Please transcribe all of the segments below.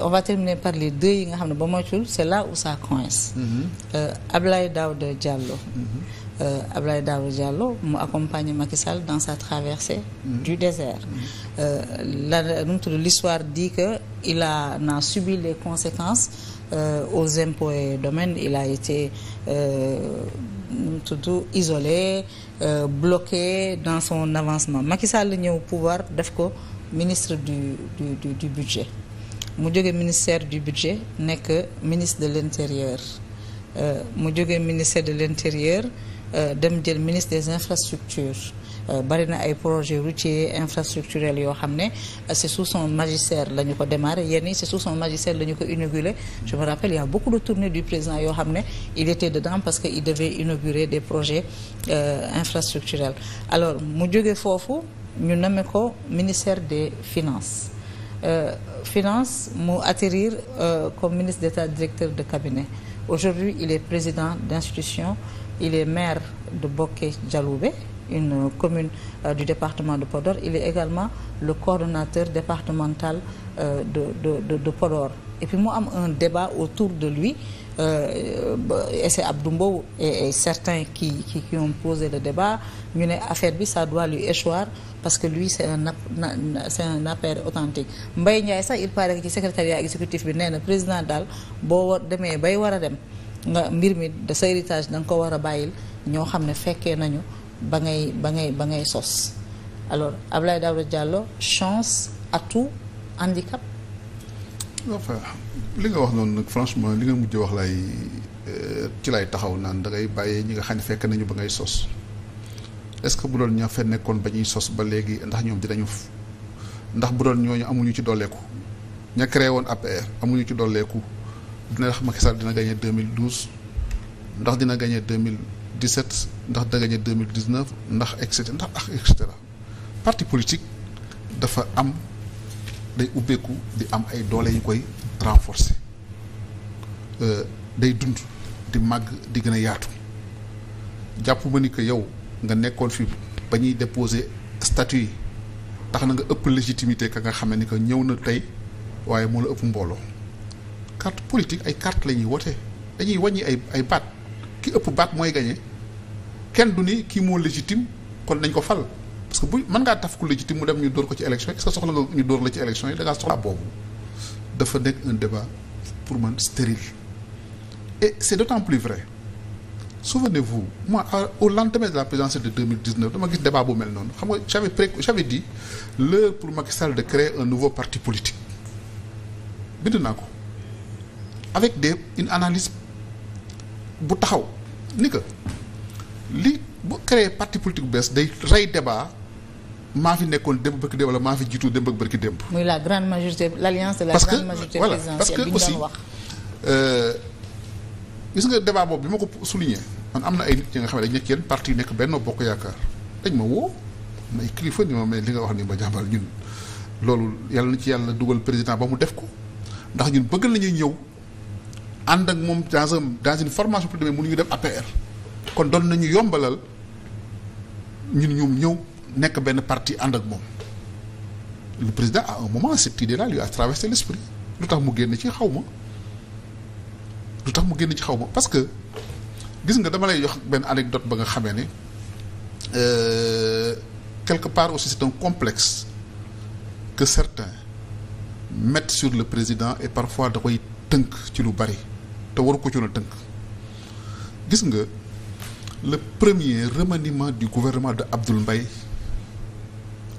on va terminer par les deux yi nga xam ne ba moytul c'est là où ça coince. Mhm. Euh, Ablaye Daouda Diallo. Mhm. Euh, Ablaye Daouda Diallo mu accompagne Macky Sall dans sa traversée. Mhm. du désert. Euh, la l'histoire dit que il a n'a subi les conséquences aux impôts et domaines il a été. tudd isolé euh, bloqué dans son avancement Macky Sall ñëw pouvoir def ko ministre du du budget mu jóge ministère du budget nekk ministre de l'intérieur euh, mu jóge ministère de l'intérieur euh, dem jël ministre des infrastructures euh, bari na ay projet routier infrastructurel yoo xam ne c'est sous son magistère la ñu ko démarré yenn yi c'est sous son magistère la ñu ko inauguré je me rappelle il y a beaucoup de tournées du président yoo xam ne il était dedans parce que il devait inaugurer des projets euh, infrastructurels alors mu jóge foofu ñu nommé ko ministère des finances Euh, finance mu atterrir euh, comme ministre d'état directeur de cabinet aujourd'hui il est président d'institution il est maire de Boké Dialoubé une commune euh, du département de Podor il est également le coordonnateur départemental euh, de de de de Podor et puis mu am un débat autour de lui Euh, et c'est Abdou Mbow et, et certains qui, qui qui ont posé le ñu ne affaire bi sa doit lui échoir parce que lui c'est un c'est un appel authentique Mbaye Ndiaye sax il paraît que ci secrétariat exécutif bi nee na président daal boo war demee bay war a dem nga mbir mi de sa héritage da nga ko war a bàyyil ñoo xam ne fekkee nañu ba ngay ba ngay ba ngay sos alors Abdoulaye Daouda Diallo chance atout handicap enfin li nga wax noonu nag franchement li nga mujj wax laay euh, ci lay taxaw naan da ngay bàyyee ñi nga xam ne fekk nañu ba ngay sos est-ce que bu doon ña fee nekkoon ba ñuy sos ba léegi ndax ñoom dinañu ndax bu doon ñooñu amuñu ci dolleeku ña créé woon APR amuñu ci dooleeku dina wax Macky Sall dina gagné 2012 ndax dina gagné 2017 ndax dina gagné 2019 ndax et cetera ndax et cetera parti politique dafa am. day ubbeeku di am ay doole yu koy renforcer euh, day dund di màgg di gën a yaatu jàpp ma ni que yow nga nekkoon fi ba ñuy déposer statut yi tax na nga ëpp légitimité ka nga xam ni que ñëw na tey waaye moo la ëpp mbooloo carte politique ay carte la ñuy wote dañuy wàññi ay ay baat ki ëpp baat mooy gagné kenn du ni kii moo légitime kon nañ ko fal. parce que bu mën ngaa taf ku légitime mu dem ñu dóor ko ci élection yi est-ce que soxla nga ñu dóor la ci élection yi da soxla boobu dafa nekk un débat pour man stérile et c'est d'autant plus vrai souvenez-vous moi au lendemain de la présidentielle de 2019 dama gis débat bu mel noonu xam nga j'avais pré j'avais dit l'heure pour Macky Sall de créer un nouveau parti politique bind naa ko avec des une analyse bu taxaw ni que li bu créer parti politique bu bees day rey débat maa fi nekkoon démb bëgg démb wala maa fi jiitu démb ak bërki démb. muy la grande majorité l'alliance de la grande majorité présidentielle bi ñu doon wax parce que aussi euh, gis nga débat boobu bi ma ko souligné man am na ay nit ñi nga xam ne dañ nekk yenn parti nekk Benno Bokk Yaakaar dañ ma woo may kilifa ni ma mais li nga wax ni ma jàmbaar ñun loolu yàlla na ci yàlla dugal président ba mu def ko ndax ñun bëgg nañuy ñëw ànd ak moom dans un dans une formation pour demee mënuñu dem APR kon doon nañu yombalal ñun ñoom ñëw. nekk benn parti ànd ak moom le président à un moment cette idée-là lui a traversé l'esprit lu tax mu génn ci xaw ma lu tax mu génn ci xaw ma parce que gis nga dama lay yox benn anecdote ba nga xamee ne euh, quelque part aussi c'est un complexe que certains mettent sur le président et parfois da koy tënk ci lu bari te waru ko ci tënk gis nga le premier remaniement du gouvernement de Abdoul mbay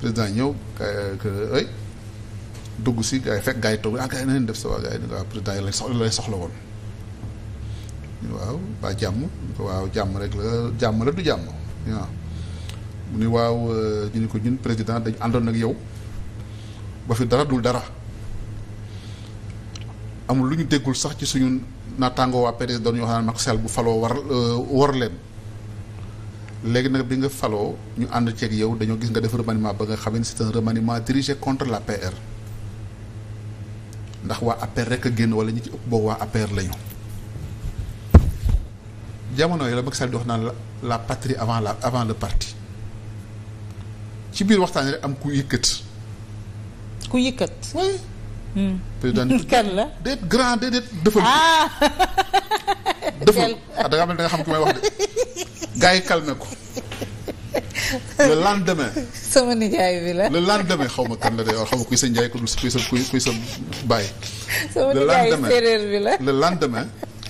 président ñëw ay dugg si gars yi fekk gars yi toog ah gars yi na leen def sa waa yi waaw président yi lay soxla soxla woon waaw waa jàmm waaw jàmm rek la jàmm la du jàmm waaw mu ni waaw euh, ñu ni ko ñun président dañu àndoon ak yow ba fi dara dul dara amul lu ñu déggul sax ci suñu naataango waa PDS doon yoo xam ne Macky Sall bu faloo war euh, war leen léegi nag bi nga faloo ñu ànd ceeg yow dañoo gis nga def remaniement ba nga xam ne c'est un remaniement dirigé contre l'APR ndax waa APR rek a génn wala ñi ci ëpp boobu waa APR lañu jamono yi la Macky di wax naan la patrie avant la avant le parti ci biir waxtaan rek am ku yëkkat. ku yëkkat. Hmm. la. déet grand déet dafa. ah. dafa ah, da nga xam xam ki may wax de. gars yi calmé ko le lendemain. sama nijaay bi la. le lendemain xaw ma kan na de xaw ma kuy sa njaay ku kuy sa kuy sa baay. sama nijaay séeréer bi la le lendemain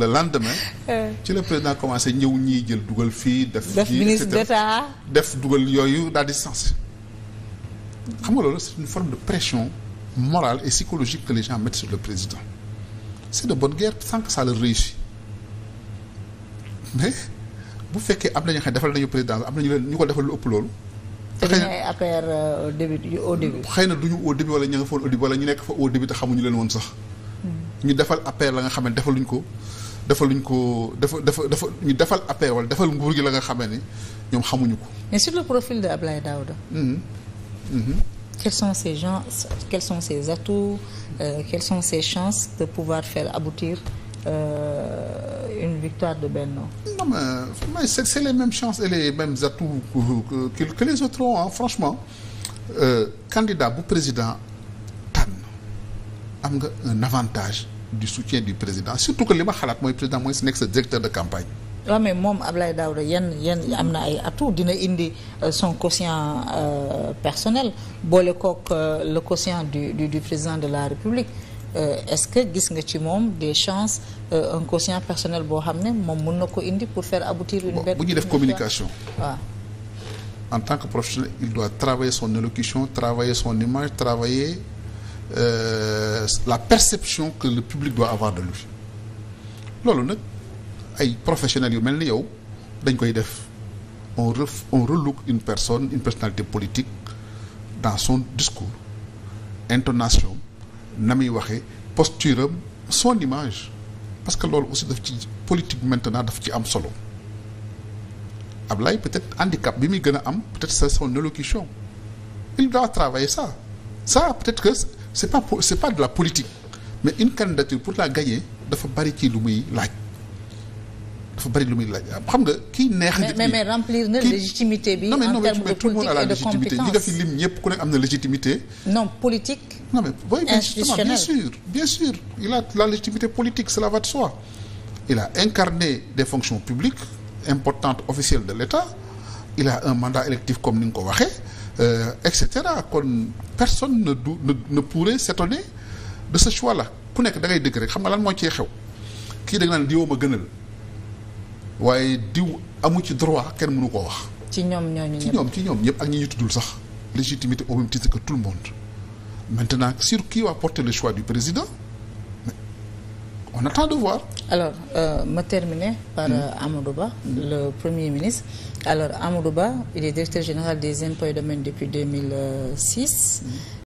le lendemain. Euh. ci le président commencé ñëw ñiy jël dugal fii. def def ministre d'État def dugal yooyu daal di sens. xam nga loolu c'est une forme de pression morale et psychologique que les gens mettent sur le président c'est de bon guerre sans que ça leur bu fekkee am nañu xam ne defal nañu président am nañu leen ñu ko defal lu ëpp loolu. xëy na euh, xëy na du ñu au début wala ñu nga fa au ñu nekk fa au début te xamuñu leen woon sax. Hmm. ñu defal affaire la nga xam ne defaluñ ko defaluñ ko dafa dafa dafa ñu defal affaire wala defal nguur gi la nga xam ne ñoom xamuñu ko. mais sur le profil de Ablaye Daouda. Hmm. Hmm. quels sont ses gens quels sont ses atouts euh, quelles sont ses chances de pouvoir faire aboutir. Euh, une victoire de Benno non mais c'est les mêmes chances et les mêmes atouts que, les autres franchement euh, candidat bu président tànn am nga un avantage du soutien du président surtout que li ma xalaat mooy président mooy si nekk sa directeur de campagne waaw mais moom daaw Daouda yenn yenn am na ay atout dina indi euh, son quotient euh, personnel boole kook le quotient du du président de la République Euh, est-ce que gis nga ci moom des chances euh, un quotient personnel boo xam ne moom mën na ko indi pour faire aboutir une bu ñuy def communication en tant que professionnel il doit travailler son élocution son image travailler euh, la perception le public doit avoir de loolu nag ay professionnels yu mel ni yow dañ koy def on ref une personne une personnalité politique dans son discours na muy waxee posture am son image parce que loolu aussi daf ci politique maintenant daf ci am solo Ablaye peut-être handicap bi muy gën a am peut sa c'est son élocution il doit travailler ça ça peut-être que c'est pas c'est la politique mais une candidature pour la gagner dafa bari ci lu muy laaj. dafa bëri lu muy laaj xam nga kiy neex. nit ñi mais mais remplir na légitimité bi. en termes de politique et de compétence ñi nga fi lim ñëpp ku ne am na légitimité. non politique. non mais oui bien sûr bien sûr il a la légitimité politique cela va de soi. il a incarné des fonctions publiques importantes officielles de l'État il a un mandat électif comme ni nga ko waxee euh, et cetera kon personne ne du ne ne pourrait s'étonner de ce choix là ku nekk da ngay dëgg rek xam nga lan moo cee xew kii da nga naan diwoo ma gënal. waaye diw amu ci droit kenn mënu koo wax. ci ñoom ñooñu ñëpp ci ñoom ci ñoom ñëpp ak ñi ñu tuddul sax. légitimité au même titre que tout le monde maintenant sur qui va porté le choix du président on attend de voir. alors euh, ma terminer par hmm. euh, Amadou Ba le premier ministre alors Amadou Ba il est directeur général des impôts et domaines depuis 2006.